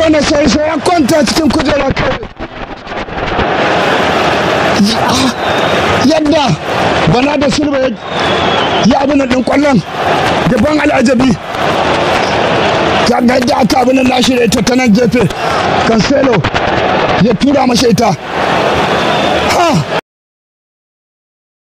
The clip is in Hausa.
kona shaye-shaye ya kwanta cikin kujera kawai yadda bana da silba ya abin ɗin kwallon gaban al'ajabi ta gaji aka abin nashi da ita ta nan jefe cancelo ya tura masa ita